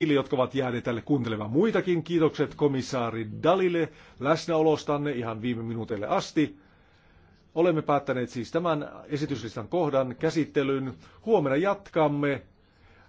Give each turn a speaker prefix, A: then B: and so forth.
A: niille, jotka ovat jääneet tälle kuuntelemaan muitakin. Kiitokset komissaari Dalille läsnäolostanne ihan viime minuuteille asti. Olemme päättäneet siis tämän esityslistan kohdan käsittelyn. Huomenna jatkamme